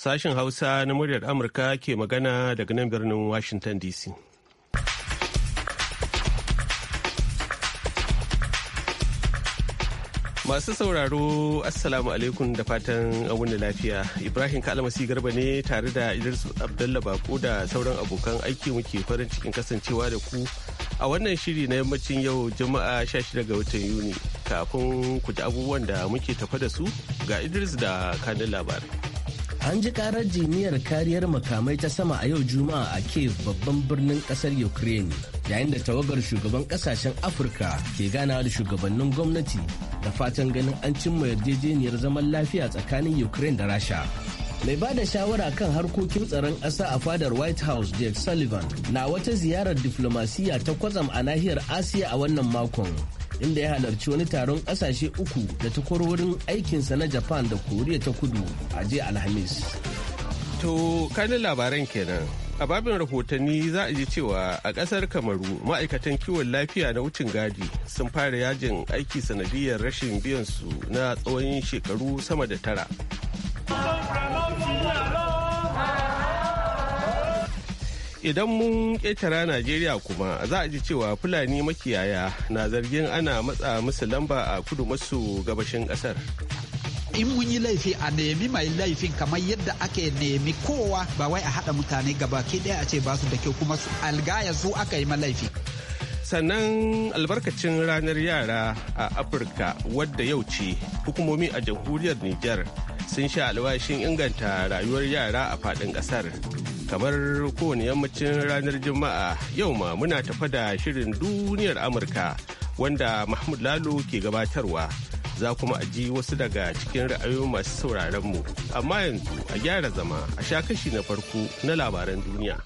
Sashen Hausa na muryar Amurka ke magana daga nan birnin Washington DC. Masu sauraro Assalamu alaikum da fatan abun lafiya. Ibrahim Kalmasi Garba ne tare da Idris Abdullah Bako da sauran abokan aiki muke farin cikin kasancewa da ku a wannan shiri na yammacin yau Juma'a 16 ga watan Yuni. Kafin ku ji abubuwan da muke tafa da su ga Idris da kanin labarai. an ji karar jiniyar kariyar makamai ta sama a yau juma'a a kiev babban birnin kasar ukraine yayin da tawagar shugaban kasashen afirka ke ganawa da shugabannin gwamnati da fatan ganin an cimma yarjejeniyar zaman lafiya tsakanin ukraine da rasha mai ba da shawara kan harkokin tsaron ƙasa a fadar white house jake sullivan na wata ziyarar diflomasiya ta kwatsam a nahiyar asiya a wannan makon inda ya halarci wani taron kasashe uku da takwarorin aikinsa na japan da koriya ta kudu a jiya alhamis to kanin labaran kenan a babin rahotanni za a ji cewa a kasar kamaru ma'aikatan kiwon lafiya na wucin gadi sun fara yajin aiki sanadiyar rashin biyan su na tsawon shekaru sama da tara idan mun ƙetara najeriya kuma za a ji cewa fulani makiyaya na zargin ana matsa musu lamba a kudu masu gabashin ƙasar in mun yi laifi a nemi mai laifin kamar yadda ake nemi kowa ba wai a haɗa mutane gabaki ɗaya a ce ba su da kyau kuma su algaya su aka yi ma laifi sannan albarkacin ranar yara a afirka wadda yau ce hukumomi a jamhuriyar Nijar sun sha alwashin inganta rayuwar yara a faɗin ƙasar kamar kowane yammacin ranar juma'a yau ma muna tafa da shirin duniyar amurka wanda mahmud lalo ke gabatarwa za kuma a ji wasu daga cikin ra'ayoyin masu sauraron mu amma yanzu a gyara zama a sha kashi na farko na labaran duniya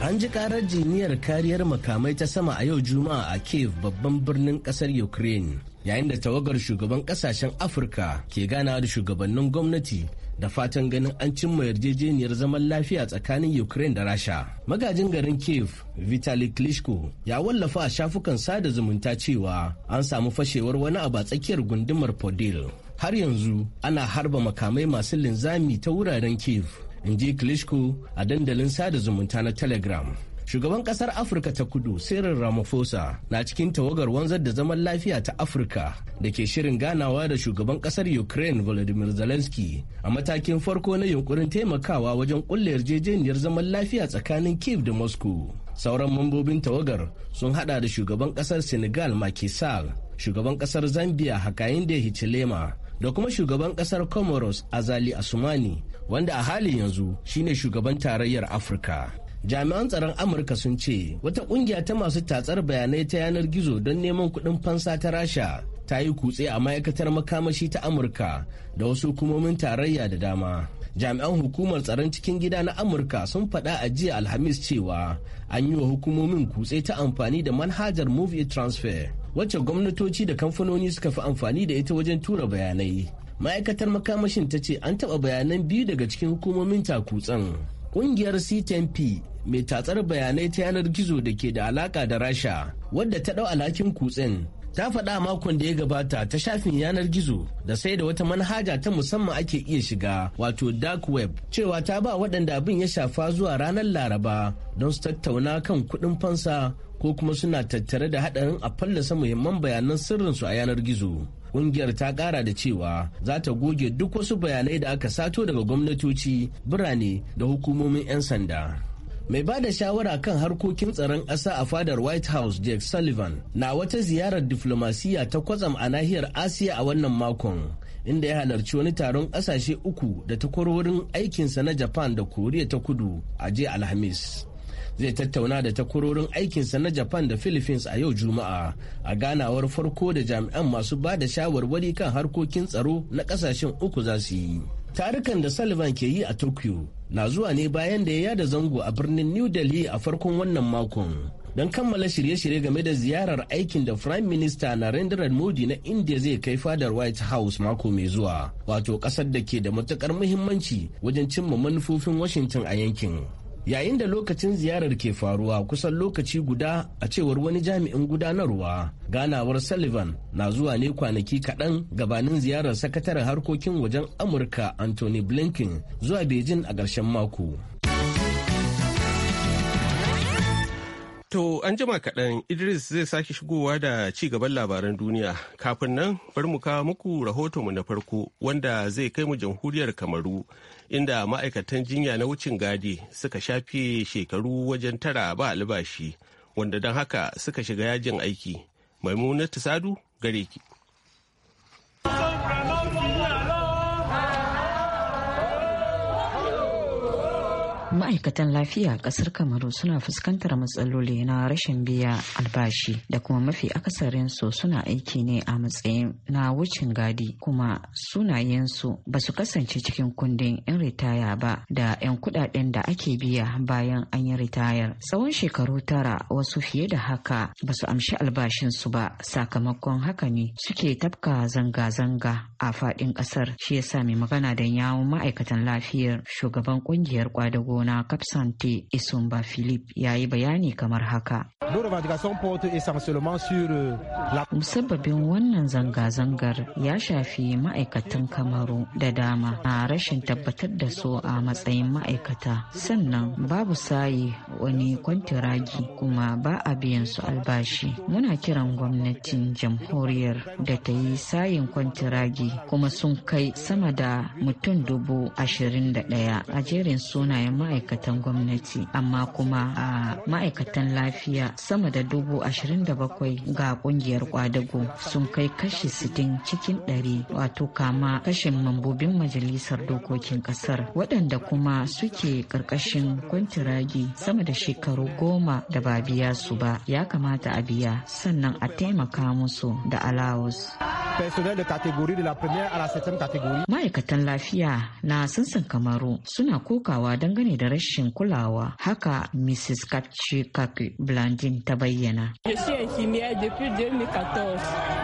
An ji karar jiniyar kariyar makamai ta sama a yau Juma'a a Kiev babban birnin kasar Ukraine yayin da tawagar shugaban kasashen Afirka ke ganawa da shugabannin gwamnati da fatan ganin an cimma yarjejeniyar zaman lafiya tsakanin Ukraine da Rasha. Magajin garin Kiev, Vitali Klitschko, ya wallafa a shafukan sada zumunta cewa an samu fashewar wani abu a tsakiyar gundumar Podil. Har yanzu ana harba makamai masu linzami ta wuraren Kiev. in ji klitschko a dandalin sada zumunta na telegram shugaban kasar afirka ta kudu cyril ramaphosa na cikin tawagar wanzar da zaman lafiya ta afirka da ke shirin ganawa da shugaban kasar ukraine volodymyr zelensky a matakin farko na yunkurin taimakawa wajen kulle yarjejeniyar zaman lafiya tsakanin kiev da moscow sauran mambobin tawagar sun hada da shugaban kasar senegal Macky shugaban kasar zambia hakainde hichilema da kuma shugaban kasar comoros azali asumani wanda a halin yanzu shine shugaban tarayyar afirka jami'an tsaron amurka sun ce wata ƙungiya ta masu tatsar bayanai ta yanar gizo don neman kuɗin fansa ta rasha ta yi kutse a ma'aikatar makamashi ta amurka da wasu hukumomin tarayya da dama jami'an hukumar tsaron cikin gida na amurka sun faɗa a jiya alhamis cewa an yi wa hukumomin kutse ta amfani da manhajar move transfer wacce gwamnatoci da kamfanoni suka fi amfani da ita wajen tura bayanai ma'aikatar makamashin ta ce an taɓa bayanan biyu daga cikin hukumomin takutsan ƙungiyar c mai tatsar bayanai ta yanar gizo da ke da alaka da rasha wadda ta ɗau alhakin kutsen ta faɗa makon da ya gabata ta shafin yanar gizo da sai da wata manhaja ta musamman ake iya shiga wato dark web cewa ta ba waɗanda abin ya shafa zuwa ranar laraba don su tattauna kan kuɗin fansa ko kuma suna tattare da haɗarin a fallasa muhimman bayanan sirrinsu a yanar gizo Ƙungiyar ta ƙara da cewa za ta goge duk wasu bayanai da aka sato daga gwamnatoci, birane da hukumomin 'yan sanda. mai ba da shawara kan harkokin tsaron ƙasa a fadar white house jake sullivan na wata ziyarar diflomasiyya ta kwatsam a nahiyar asiya a wannan makon inda ya halarci wani taron ƙasashe uku da takwarorin aikinsa na japan da koriya ta kudu a jiya alhamis zai tattauna da takwarorin aikinsa na japan da philippines a yau juma'a a ganawar farko da jami'an masu ba da shawarwari kan harkokin tsaro na kasashen uku za su yi tarukan da sullivan ke yi a tokyo na zuwa ne bayan da ya yada zango a birnin new delhi a farkon wannan makon don kammala shirye-shirye game da ziyarar aikin da prime minister narendra modi na india zai kai fadar white house mako mai zuwa wato kasar da ke da matukar muhimmanci wajen cimma manufofin washington a yankin yayin da lokacin ziyarar ke faruwa kusan lokaci guda a cewar wani jami'in gudanarwa ganawar sullivan na zuwa ne kwanaki kaɗan gabanin ziyarar sakataren harkokin wajen amurka anthony blinken zuwa beijing a ƙarshen mako To an jima kaɗan Idris zai sake shigowa da ci gaban labaran duniya. Kafin nan bari mu kawo muku mu na farko wanda zai kai mu jamhuriyar Kamaru inda ma'aikatan jinya na wucin gadi suka shafe shekaru wajen tara ba albashi wanda don haka suka shiga yajin aiki maimunatu sadu gare ki ma'aikatan lafiya a kasar kamaru suna fuskantar matsaloli na rashin biya albashi da kuma mafi akasarinsu suna aiki ne a matsayin na wucin gadi kuma sunayensu ba su kasance cikin kundin 'yan ritaya ba da 'yan kudaden da ake biya bayan an yi ritayar tsawon shekaru tara wasu fiye da haka ba su amshi albashinsu ba sakamakon haka ne suke tafka zanga-zanga a faɗin ƙasar shi ya mai magana da yawon ma'aikatan lafiyar shugaban ƙungiyar kwadago gona kapsante isumba philip ya yi bayani kamar haka euh, musabbabin wannan zanga-zangar ya shafi ma'aikatan kamaru da dama na rashin tabbatar da su a matsayin ma'aikata sannan babu sayi wani kwantiragi kuma ba a biyan su albashi muna kiran gwamnatin jamhuriyar da ta yi sayin kwantiragi kuma sun kai sama da mutum dubu ashirin da ɗaya a jerin sunayen ma'aikatan gwamnati amma kuma a ma'aikatan lafiya sama da dubu ashirin da bakwai ga kungiyar kwadago sun kai kashi sitin cikin ɗari wato kama kashin mambobin majalisar dokokin ƙasar waɗanda kuma suke ƙarƙashin kwantiragi sama da shekaru goma da ba biya su ba ya kamata a biya sannan a taimaka musu da alawus. Ma'aikatan lafiya na sansan kamaru suna kokawa dangane da rashin kulawa haka mrs katchikake blandin ta bayyana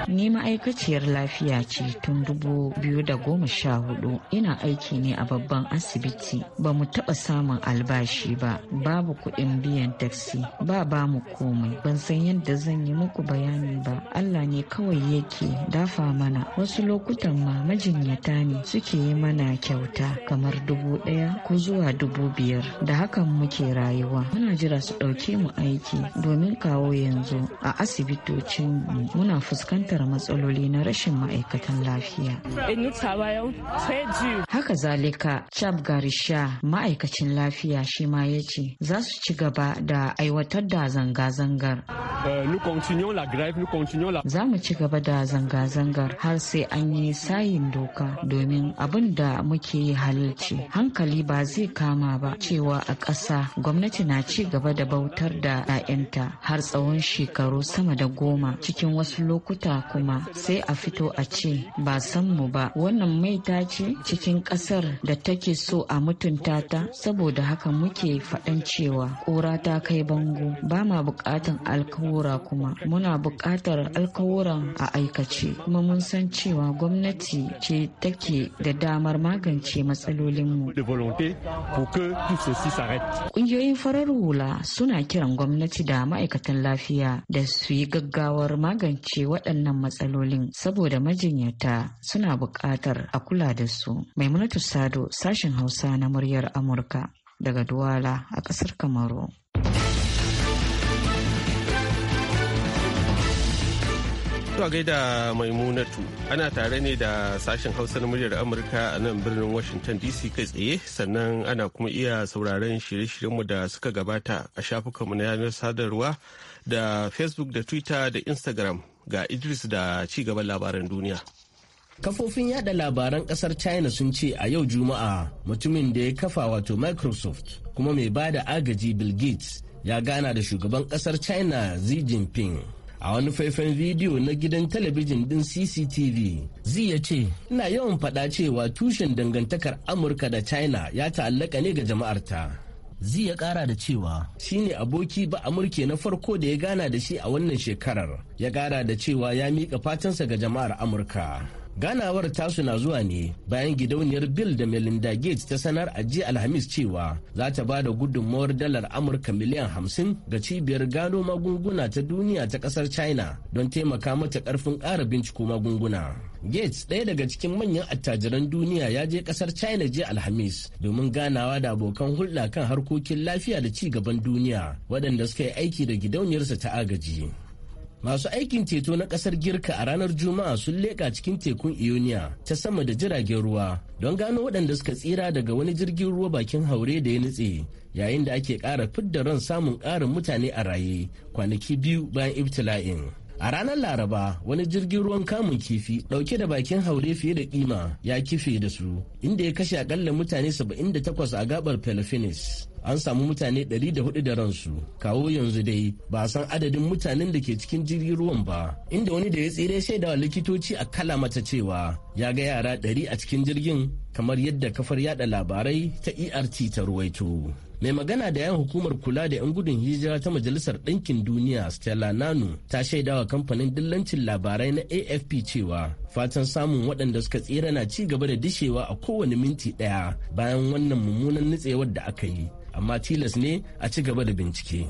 ni ma'aikaciyar lafiya ce tun dubu biyu da goma sha hudu ina aiki ne a babban asibiti ba mu taɓa samun albashi ba babu kuɗin biyan taksi ba ba mu komai ban san yadda zan yi muku bayani ba allah ne kawai yake dafa mana wasu lokutan ma majinyata ne suke yi mana kyauta kamar dubu ɗaya ko zuwa dubu biyu biyar da hakan muke rayuwa muna jira su ɗauke mu aiki domin kawo yanzu a asibitocin muna fuskantar matsaloli na rashin ma'aikatan lafiya haka zalika chab garisha ma'aikacin lafiya shi ma ya ce za su ci gaba da aiwatar da zanga-zangar euh, za mu ci gaba da zanga-zangar har sai an yi sayin doka domin abin da muke halarci hankali ba zai kama ba cewa a ƙasa gwamnati na ci gaba da bautar da 'ya'yanta har tsawon shekaru sama da goma cikin wasu lokuta kuma sai a fito a ce ba san mu ba wannan mai ta ce cikin ƙasar da take so a mutunta ta saboda haka muke faɗan cewa ƙura ta kai bango ba ma buƙatan alkawura kuma muna buƙatar alkawuran a aikace kuma mun san cewa gwamnati ce take da damar magance matsalolinmu. su s'arrête. Kungiyoyin farar hula suna kiran gwamnati da ma'aikatan lafiya da su yi gaggawar magance waɗannan matsalolin saboda majinyata suna buƙatar a kula da su. Maimunatu Sado sashen Hausa na muryar Amurka daga Duwala a ƙasar Kamaru. To gaida maimunatu ana tare ne da sashen hausa na muryar Amurka a nan birnin Washington DC kai tsaye sannan ana kuma iya sauraron shirye-shiryenmu da suka gabata a shafukanmu na yanar sadarwa da Facebook da Twitter da Instagram ga Idris da ci gaban labaran duniya. Kafofin yada labaran kasar China sun ce a yau Juma'a mutumin da ya kafa wato Microsoft kuma mai ba da agaji Bill Gates ya gana da shugaban kasar China Xi Jinping. a wani faifan bidiyo na gidan talabijin din cctv zai ya ce ina yawan faɗa cewa tushen dangantakar amurka da china ya ta'allaka ne ga jama'arta zi ya ƙara da cewa shine aboki ba amurke na farko da ya gana da shi a wannan shekarar ya ƙara da cewa ya miƙa fatansa ga jama'ar amurka ganawar tasu na zuwa ne bayan gidauniyar bill da melinda gates ta sanar a jiya alhamis cewa za ta ba da gudunmawar dalar amurka miliyan hamsin ga cibiyar gano magunguna ta duniya ta kasar china don taimaka mata karfin kara binciko magunguna gates ɗaya daga cikin manyan attajiran duniya ya je kasar china jiya alhamis domin ganawa da abokan hulɗa kan harkokin lafiya da ci gaban duniya waɗanda suka yi aiki da gidauniyarsa ta agaji Masu aikin ceto na kasar Girka a ranar Juma'a sun leƙa cikin tekun Ioniya ta sama da jiragen ruwa don gano waɗanda suka tsira daga wani jirgin ruwa bakin haure da ya nutse yayin da ake ƙara fidda ran samun ƙarin mutane a raye kwanaki biyu bayan ibtila'in. A ranar Laraba, wani jirgin ruwan kamun kifi dauke da bakin haure fiye da kima ya kife da su, inda ya kashe akalla mutane 78 a gabar Pelopines. An samu mutane 104 da ransu, kawo yanzu dai ba san adadin mutanen da ke cikin jirgin ruwan ba, inda wani da ya tsere shaidawa likitoci a kala mata cewa ya ga yara 100 a cikin jirgin kamar yadda kafar yada labarai ta ERT ta ruwaito. mai magana da yan hukumar kula da yan gudun hijira ta majalisar ɗinkin duniya stella nanu ta shaidawa kamfanin dillancin labarai na afp cewa fatan samun waɗanda suka tsira na ci gaba da dishewa a kowane minti ɗaya bayan wannan mummunan nutsewar da aka yi amma tilas ne a ci gaba da bincike.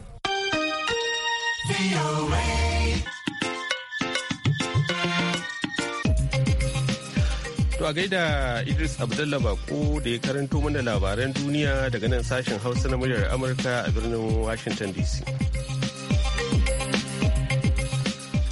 a gaida Idris Abdullah Bako da ya karanto mana labaran duniya daga nan sashen Hausa na muryar Amurka a birnin Washington DC.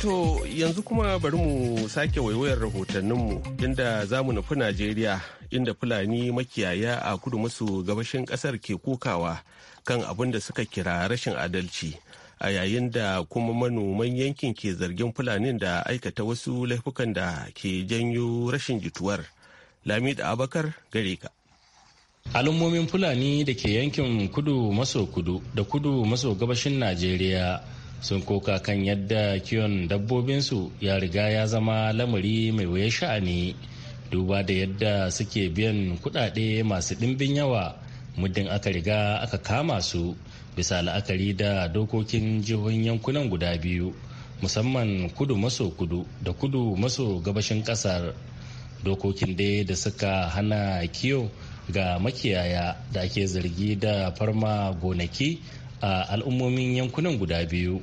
To yanzu kuma bari mu sake waiwayar rahotanninmu inda za mu nufi Najeriya inda Fulani makiyaya a kudu maso gabashin ƙasar ke kokawa kan abin da suka kira rashin adalci. a yayin da kuma manoman yankin ke zargin fulanin da aikata wasu laifukan da ke janyo rashin jituwar lamid abakar gare ka al'ummomin fulani da ke yankin kudu maso kudu da kudu maso gabashin najeriya sun koka kan yadda kiwon dabbobinsu ya riga ya zama lamari mai wuya sha'ani duba da yadda suke biyan kudade masu ɗimbin yawa muddin aka riga aka kama su bisa la'akari da dokokin jihohin yankunan guda biyu musamman kudu maso kudu da kudu maso gabashin kasar dokokin dai da suka hana kiyo ga makiyaya da ake zargi da farma gonaki a al'ummomin yankunan guda biyu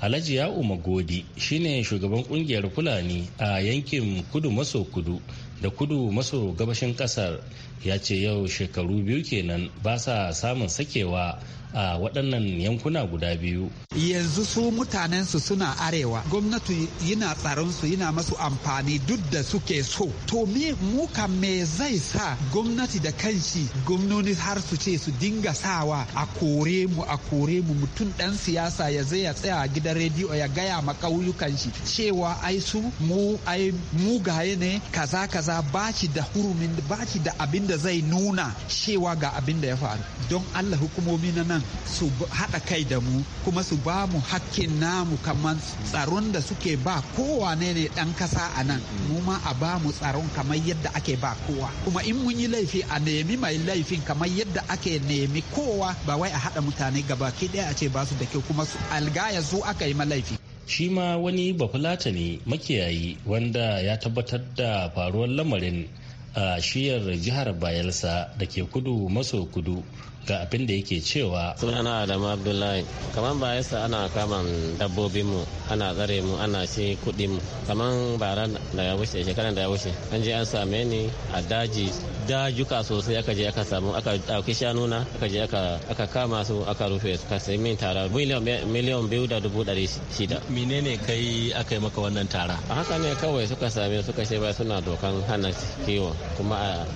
alhaji ya magodi shine shugaban kungiyar fulani a yankin kudu maso kudu da kudu maso gabashin kasar ya ce yau shekaru biyu kenan ba sa samun sakewa a waɗannan yankuna guda biyu. Yanzu su mutanen su suna arewa gwamnati yana tsaron su yana masu amfani duk da suke so. To me mu me zai sa gwamnati da kanshi gwamnoni har su ce su dinga sawa a kore mu a kore mu mutum ɗan siyasa ya zai ya tsaya a gidan rediyo ya gaya ma ƙauyukan shi cewa ai su mu ai mu gaye ne kaza kaza ba shi da hurumin ba shi da abin da zai nuna cewa ga abin da ya faru don Allah hukumomi na nan su haɗa kai da mu kuma su ba mu hakkin namu kamar tsaron da suke ba kowa ne ne ɗan ƙasa a nan mu ma a ba mu tsaron kamar yadda ake ba kowa kuma in mun yi laifi a nemi mai laifin kamar yadda ake nemi kowa ba wai a haɗa mutane gabaki ɗaya a ce ba su da kyau kuma su algaya su aka yi ma laifi shi ma wani bafulata ne makiyayi wanda ya tabbatar da faruwar lamarin a shiyar jihar bayelsa da ke kudu maso kudu ga abin da yake cewa sunana adamu abdullahi kamar ba yasa ana kama dabbobinmu mu ana tsare mu ana ce kuɗin mu kamar bara da ya wuce shekaran da ya wuce an je an same ni a daji dajuka sosai aka je aka samu aka dauki shanuna aka je aka kama su aka rufe su ka sai min tara miliyan biyu da dubu ɗari shida. menene kai aka yi maka wannan tara. haka ne kawai suka same suka ce ba suna dokan hana kiwo kuma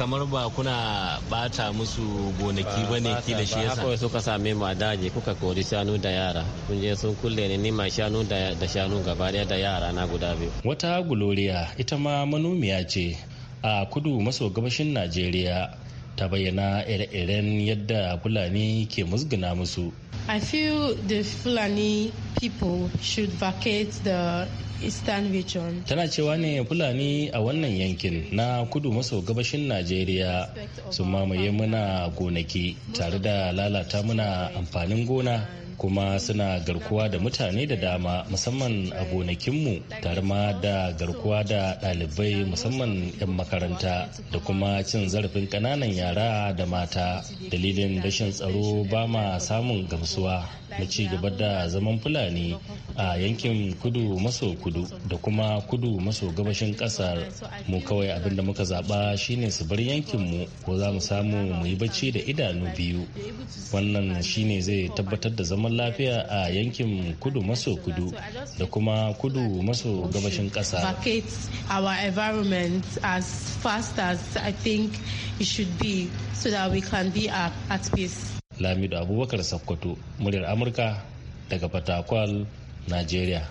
kamar ba kuna bata musu gonaki ba ne ki da shi yasa kawai suka same mu a daji kuka kori shanu da yara kun je sun kulle ni ni ma shanu da shanu gaba da yara na guda biyu wata gloria ita ma manomiya ce a kudu maso gabashin najeriya ta bayyana ire-iren yadda fulani ke musguna musu i feel the fulani people should vacate the Eastern region. Tana cewa ne Fulani a wannan yankin na kudu maso gabashin Najeriya sun mamaye muna gonaki tare da lalata muna amfanin gona. kuma suna garkuwa da mutane da dama musamman a gonakinmu tare ma da garkuwa da ɗalibai musamman 'yan makaranta da kuma cin zarafin ƙananan yara da mata dalilin rashin tsaro ba ma samun gamsuwa na ci gaba da zaman fulani a yankin kudu maso kudu da kuma kudu maso gabashin kasar mu kawai abin da muka zaba shine su bar yankinmu ko za mu samu mu yi bacci da idanu biyu wannan shine zai tabbatar da zaman zaman lafiya a yankin kudu maso kudu da kuma kudu maso gabashin kasa. our environment as fast as I think it should be so that we can be at, Lamido Abubakar Sakkwato, muryar Amurka daga Fatakwal, Najeriya.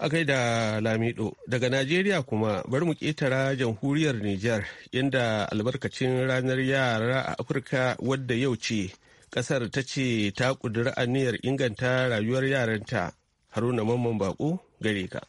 A kai da Lamido, daga Najeriya kuma bari mu ƙetara jamhuriyar Nijar inda albarkacin ranar yara a Afirka wadda yau ce kasar ta ce ta kudura aniyar inganta rayuwar yaranta haruna mamman baƙo gare ka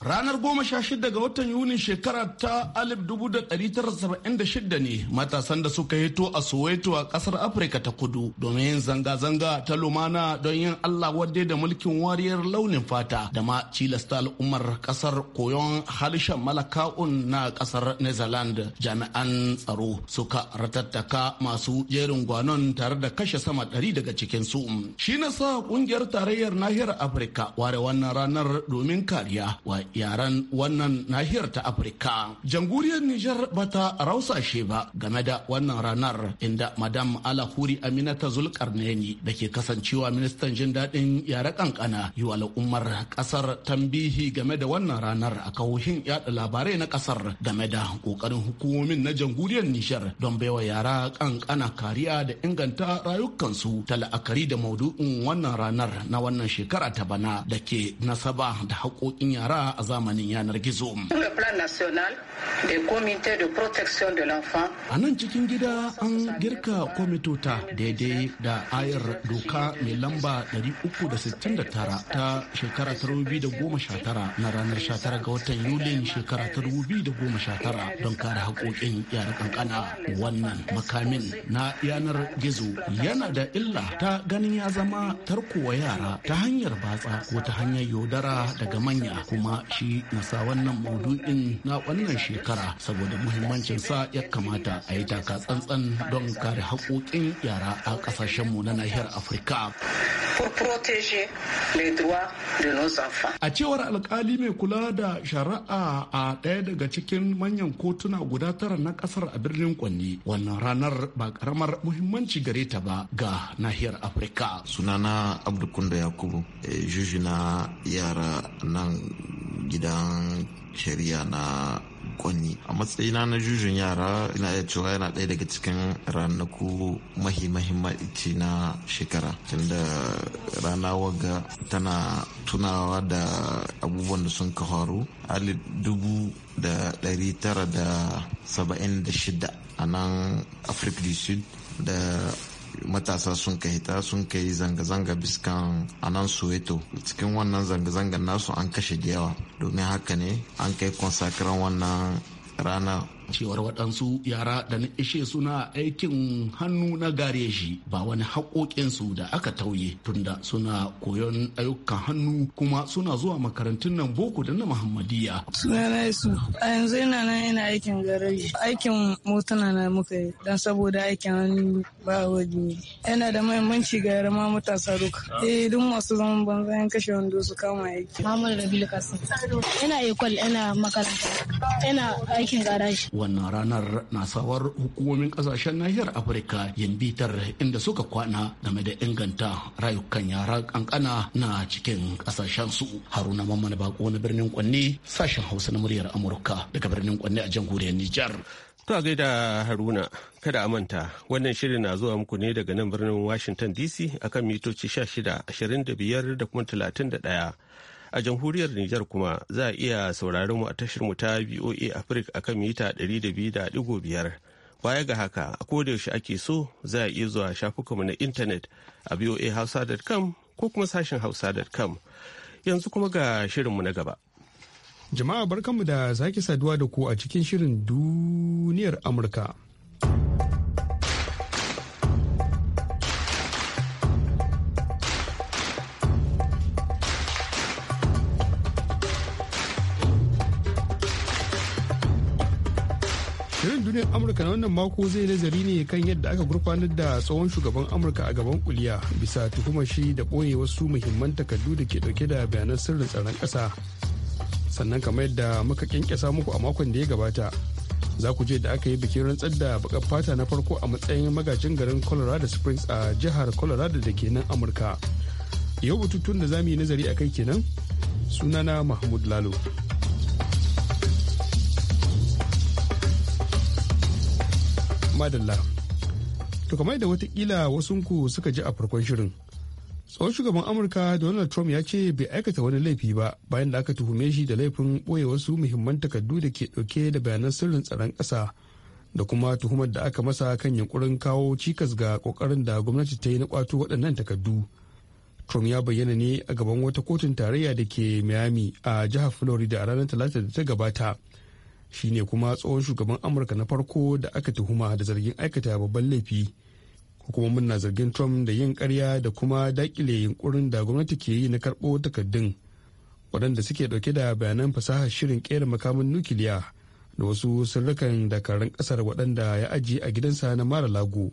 Ranar goma sha shida ga watan Yuni, shekara ta 1976 ne matasan da suka hito a Soweto a kasar Afirka ta kudu domin yin zanga-zanga ta lumana don yin Allah wadde da mulkin wariyar launin fata da ma cilasta al'ummar kasar koyon halishan malaka'un na kasar Netherland jami'an tsaro suka ratattaka masu jerin gwanon tare da kashe sama ɗari daga cikin su. Shi na sa kungiyar tarayyar nahiyar Afirka ware wannan ranar domin kariya yaren wannan nahiyar ta afirka jamhuriyar nijar bata rausashe ba game da wannan ranar inda madam alahuri aminata zulkarneni da ke kasancewa ministan jin daɗin yare kankana yi wa al'ummar ƙasar tambihi game da wannan ranar a kawohin yada labarai na ƙasar game da ƙoƙarin hukumomin na jamhuriyar nijar don baiwa yara kankana kariya da inganta rayukansu ta la'akari da maudu'in wannan ranar na wannan shekara ta bana da ke nasaba da haƙoƙin yara a zamanin yanar gizo. A nan cikin gida an girka kwamitota daidai da ayar doka mai lamba 369 ta shekara 2019 na ranar 19 ga watan Yulin shekara 2019 don kare haƙoƙin yara kankana wannan makamin na yanar gizo yana da illa ta ganin ya zama tarkowa yara ta hanyar batsa ko ta hanyar yaudara daga manya kuma shi na sa wannan maudu'in na wannan shekara saboda muhimmancin sa ya kamata a yi taka tsantsan don kare haƙoƙin yara a mu na nahiyar afirka a cewar alkali mai kula da shari'a a ɗaya daga cikin manyan kotuna guda tara na ƙasar a birnin kwanni wannan ranar ba karamar muhimmanci gare ta ba ga nahiyar afirka sunana abdukunda yakubu eh, juji na yara nan gidan shari'a na kwanni a matsayina na jujun yara ina iya cewa yana ɗaya daga cikin ranaku mahi mahimmanci na shekara tunda rana waga tana tunawa da abubuwan da sun kawaru faru alif dubu da ɗari tara da saba'in da shida a nan afirka du sud da matasa sun kai ta sun kai zanga-zanga biskan a nan soweto cikin wannan zanga zanga nasu an kashe da yawa domin haka ne an kai kwan wannan rana. cewar waɗansu yara da na ishe suna aikin hannu na gare shi ba wani haƙoƙinsu da aka tauye tunda suna koyon ayyukan hannu kuma suna zuwa makarantun nan boko da na muhammadiyya. sunana su a yanzu ina nan ina aikin garaji aikin motuna na muka yi don saboda aikin hannu ba wani yana da mahimmanci ga yara ma matasa duka eh duk masu zaman banza yan kashe wando su kama aiki. mamar da kasu ina ekwal ina makaranta ina aikin garaji wannan ranar na sawar hukumomin kasashen nahiyar afirka yin bitar inda suka kwana game da inganta rayukan yara kankana na cikin kasashen su haruna mamman bako na birnin kwanne sashen hausa na muryar amurka daga birnin kwanne a jamhuriyar nijar To a gaida Haruna, kada a manta, wannan shirin na zuwa muku ne daga nan birnin Washington DC akan mitoci 16, 25 da kuma 31. A jamhuriyar Nijar kuma za a iya sauraron mu a tashar mu ta VOA Africa akan mita 200.5. Baya ga haka a yaushe ake so za a iya zuwa shafukanmu na intanet a voahausa.com ko kuma sashen hausa.com. Yanzu kuma ga shirinmu na gaba. Jama'a barkanmu da sake saduwa da ku a cikin shirin duniyar Amurka. amurka na wannan mako zai nazari ne kan yadda aka gurfanar da tsohon shugaban amurka a gaban kuliya bisa tuhumar shi da ɓoye wasu muhimman takardu da ke ɗauke da bayanan sirrin tsaron ƙasa sannan kamar yadda muka kyankyasa muku a makon da ya gabata za ku je da aka yi bikin rantsar da bakar fata na farko a matsayin magajin garin colorado springs a jihar colorado da ke nan amurka yau bututun da za mu yi nazari a kai kenan sunana mahmud lalo madalla to kamar da watakila wasunku suka ji a farkon shirin tsohon shugaban amurka donald trump ya ce bai aikata wani laifi ba bayan da aka tuhume shi da laifin ɓoye wasu muhimman takardu da ke ɗauke da bayanan sirrin tsaron ƙasa da kuma tuhumar da aka masa kan yunkurin kawo cikas ga ƙoƙarin da gwamnati ta yi na ƙwato waɗannan takardu trump ya bayyana ne a gaban wata kotun tarayya da ke miami a jihar florida a ranar talata da ta gabata shine kuma tsohon shugaban amurka na farko da aka tuhuma da zargin aikata babban laifi hukumomin na zargin trump da yin karya da kuma dakile yunkurin da gwamnati ke yi na karɓo takardun waɗanda suke ɗauke da bayanan fasahar shirin ƙera makamin nukiliya da wasu sirrukan dakarun ƙasar waɗanda ya ajiye a gidansa na mara lago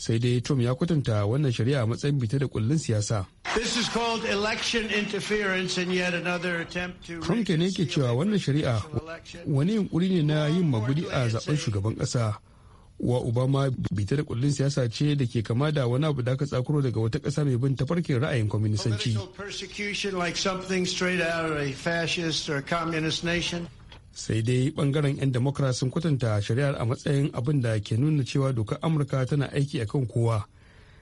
sai dai trump ya kwatanta wannan shari'a a matsayin bita da kullun siyasa trump ke ne ke cewa wannan shari'a wani yunkuri ne na yin magudi a zaben shugaban ƙasa wa obama bita da kullun siyasa ce da ke kama da wani abu da aka tsakuro daga wata ƙasa mai bin tafarkin ra'ayin kwaminisanci sai dai bangaren 'yan democrat sun kwatanta shari'ar a matsayin abin da ke nuna cewa dokar amurka tana aiki a kan kowa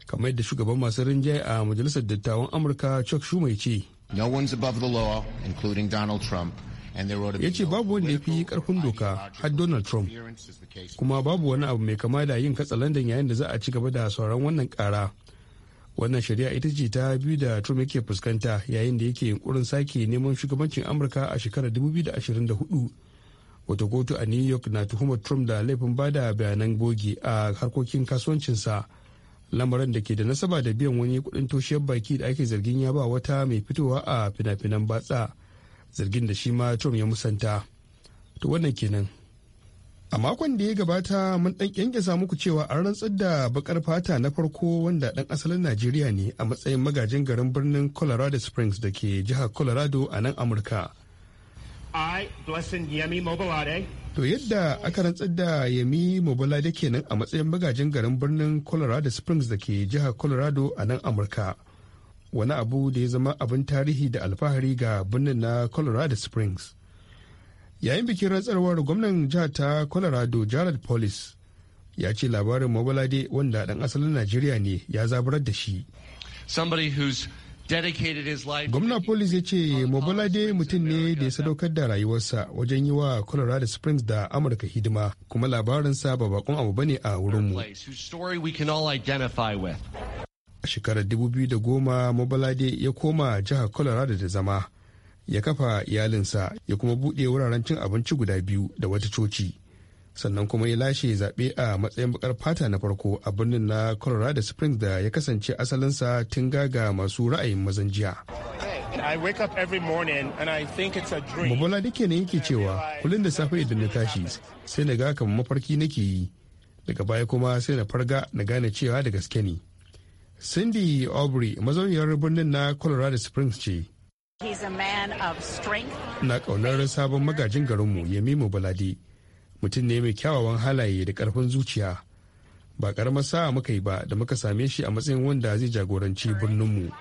kamar yadda shugaban masu rinjaye a majalisar dattawan amurka chuck schumer ce ya ce babu wanda ya fi karfin doka har donald trump kuma babu wani abu mai kama da yin katsalandan yayin da za a ci gaba da sauran wannan kara wannan shari'a ita ce ta biyu da trump yake fuskanta yayin da yake yunkurin sake neman shugabancin amurka a shekarar 2024 wata kotu a new york na tuhumar trump da laifin bada bayanan goge a harkokin kasuwancinsa lamarin da ke da nasaba da biyan wani kudin toshiyar baki da ake zargin ya ba wata mai fitowa a fina-finan batsa zargin da shi ma trump ya musanta to wannan kenan A makon da ya gabata mun ɗan kyangyasa muku cewa an rantsar da bakar fata na farko wanda dan asalin Najeriya ne a matsayin magajin garin birnin Colorado Springs da ke jihar Colorado a nan Amurka. To yadda aka rantsar da Yemi Mobolade kenan a matsayin magajin garin birnin Colorado Springs da ke jihar Colorado a nan Amurka. Wani abu da ya zama abin tarihi da alfahari ga birnin na Colorado Springs. yayin bikin rantsarwar gwamnan jihar ta colorado jared polis ya ce labarin mabalade wanda dan asalin najeriya ne ya zaburar da shi gwamna polis ya ce mabalade mutum ne da ya sadaukar da rayuwarsa wajen yi wa colorado springs da amurka hidima kuma labarinsa ba bakon abu bane a wurinmu a shekarar 2010 mabalade ya koma jihar colorado da zama ya kafa iyalinsa ya kuma buɗe wuraren cin abinci guda biyu da wata coci sannan kuma ya lashe zaɓe a matsayin bakar fata na farko a birnin na colorado springs da ya kasance asalinsa tun gaga masu ra'ayin mazan jiya babola dake ne yake cewa kullum da safe idan na tashi sai na ga kamar mafarki nake yi daga baya kuma sai na farga na gane cewa da gaske ne cindy aubrey mazauniyar birnin na colorado springs ce Na ƙaunar sabon magajin garinmu ma Balade. Mutum ne mai kyawawan halaye da ƙarfin zuciya. Ba ƙaramar sa'a muka yi ba da muka same shi a matsayin wanda zai jagoranci birninmu.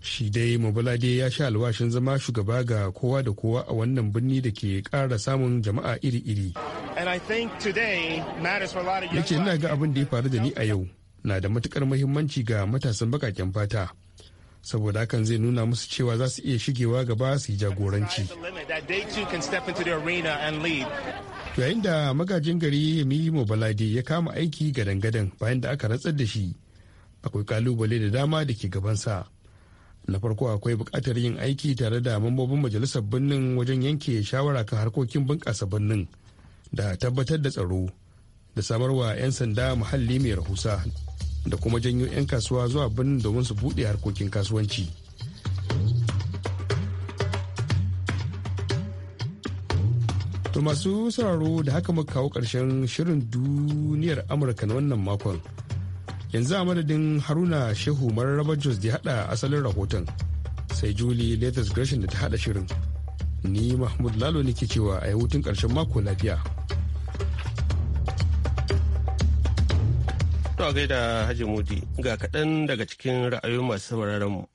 Shi dai Mabalade ya sha alwashin zama shugaba ga kowa da kowa a wannan birni da ke ƙara samun jama'a iri-iri. Yace ina ga abin da ya faru da ni a yau. na da matukar muhimmanci ga matasan bakaken fata saboda hakan zai nuna musu cewa za su iya shigewa gaba su yi jagoranci yayin da magajin gari yemi mobalade ya kama aiki gadan-gadan bayan da aka rantsar da shi akwai kalubale da dama da ke gabansa na farko akwai buƙatar yin aiki tare da mambobin majalisar birnin wajen yanke shawara kan harkokin bunƙasa birnin da tabbatar da tsaro da samarwa 'yan sanda muhalli mai rahusa da kuma janyo 'yan kasuwa zuwa birnin domin su buɗe harkokin kasuwanci. To masu sauraro da haka muka kawo ƙarshen shirin duniyar Amurka na wannan makon. Yanzu a madadin Haruna Shehu Mararraba Jos da haɗa asalin rahoton, sai Julie Latest Gresham da ta haɗa shirin. Ni Mahmud Lalo ne ke cewa a yi hutun ƙarshen mako lafiya. To a gaida Hajji Modi ga kaɗan daga cikin ra'ayoyin masu sauraron mu.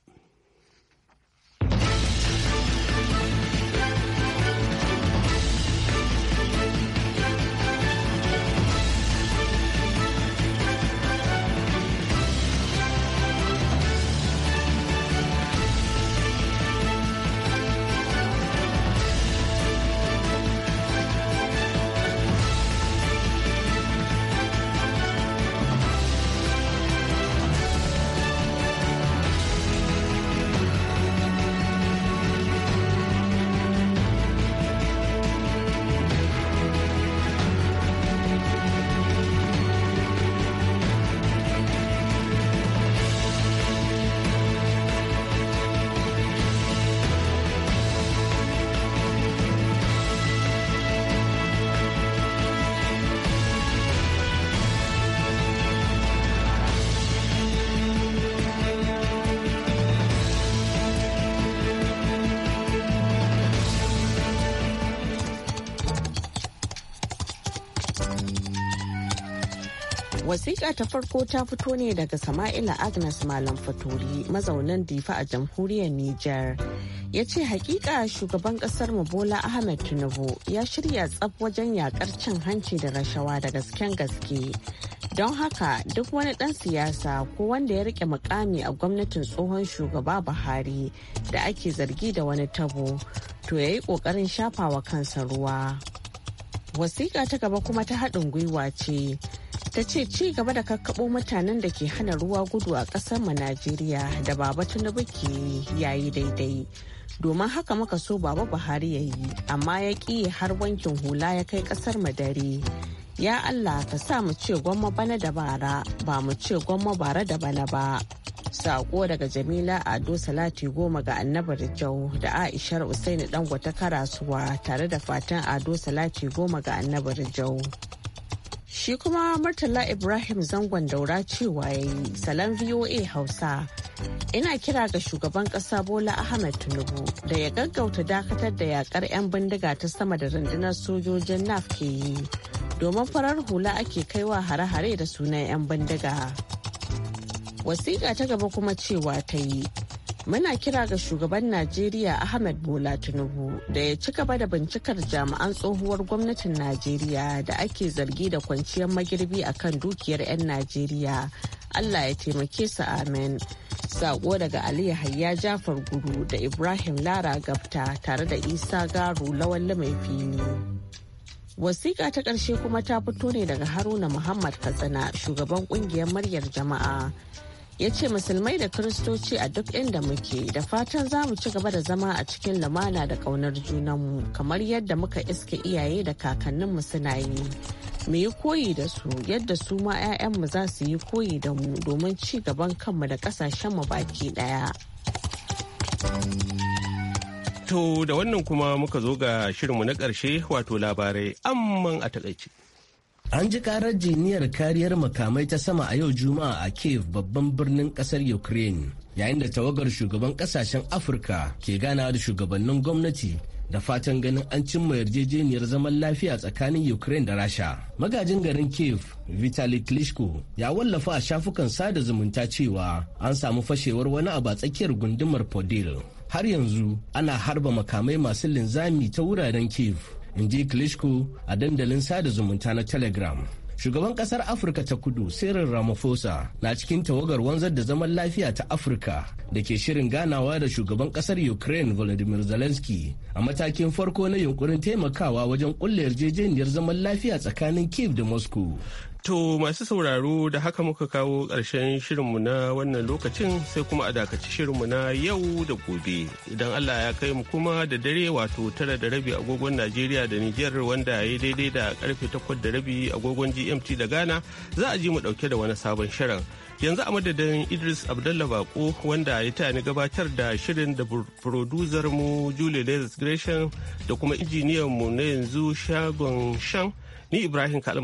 Wasiƙa ta farko ta fito ne daga Sama'ila Agnes Malam Faturi mazaunan Difa a jamhuriyar niger Ya ce hakika shugaban kasar mu Bola Ahmed Tinubu ya shirya tsaf wajen yakar cin hanci da rashawa da gasken gaske. Don haka duk wani ɗan siyasa ko wanda ya rike mukami a gwamnatin tsohon shugaba Buhari da ake zargi da wani tabo to ya yi ƙoƙarin shafawa kansa ruwa. Wasiƙa ta gaba kuma ta haɗin gwiwa ce. ta ce ci gaba da kakkaɓo mutanen da ke hana ruwa gudu a ƙasar mu Najeriya da baba Tinubu ke yayi daidai. Domin haka muka so baba Buhari ya yi, amma ya ƙi har wankin hula ya kai ƙasar mu dare. Ya Allah ka sa mu ce gwamma bana da bara, ba mu ce gwamma bara da bana ba. sako daga jamila ado salati goma ga Annabi jau da Aisha usaini dangwata karasuwa tare da fatan ado salati goma ga Annabir jau Shi kuma Murtala Ibrahim zangon daura cewa ya yi salon VOA Hausa. Ina kira ga shugaban ƙasa Bola Ahmed Tinubu da ya gaggauta dakatar da yakar 'yan bindiga ta sama da rundunar sojojin NAF ke yi. Domin farar hula ake kaiwa hare-hare da sunan 'yan bindiga. Wasiƙa ta gaba kuma cewa ta yi muna kira ga shugaban najeriya ahmed bola tinubu da ya ci gaba da bincikar jami'an tsohuwar gwamnatin najeriya da ake zargi da kwanciyar magirbi a kan dukiyar 'yan najeriya allah ya taimake su amen sako daga aliyu hayya jafar guru da ibrahim lara gabta tare da isa garu lawalli mai fili wasiƙa ta ƙarshe kuma ta fito ne daga haruna muhammad katsina shugaban ƙungiyar muryar jama'a ya ce musulmai da kiristoci a duk inda muke da fatan za mu ci gaba da zama a cikin lumana da ƙaunar junanmu kamar yadda muka iske iyaye da kakanninmu suna yi mu yi koyi da su yadda su ma 'ya'yanmu za su yi koyi da mu domin ci gaban kanmu da ƙasashenmu baki ɗaya. To da wannan kuma muka zo ga shirinmu na ƙarshe wato labarai amman a taƙaice. An ji karar jiniyar kariyar makamai ta sama a yau Juma'a a Kiev babban birnin kasar Ukraine yayin da tawagar shugaban kasashen Afirka ke gana da shugabannin gwamnati da fatan ganin an cimma yarjejeniyar zaman lafiya tsakanin Ukraine da Rasha. Magajin garin Kiev Vitali Klitschko ya wallafa a shafukan sada zumunta cewa an samu fashewar wani abu a tsakiyar gundumar Podil. Har yanzu ana harba makamai masu linzami ta wuraren Kiev. inji ji Klitschko a dandalin sada zumunta na Telegram. Shugaban kasar Afirka ta kudu Cyril Ramaphosa na cikin tawagar wanzar da zaman lafiya ta Afirka da ke shirin ganawa da shugaban kasar Ukraine Volodymyr Zelensky a matakin farko na yunkurin taimakawa wajen kulle yarjejeniyar zaman lafiya tsakanin Kiev da Moscow. To masu sauraro da haka muka kawo ƙarshen shirinmu na wannan lokacin sai kuma a dakaci shirinmu na yau da gobe. Idan Allah ya kai mu kuma da dare wato tara da rabi agogon Najeriya da Nijar wanda ya daidai da karfe takwas da rabi agogon GMT da Ghana za a ji mu ɗauke da wani sabon shirin. Yanzu a madadin Idris Abdullah Bako wanda ya ni gabatar da shirin da producer mu Julie Lezis Gresham da kuma injiniyan mu na yanzu Shagon Shan ni Ibrahim Kalma.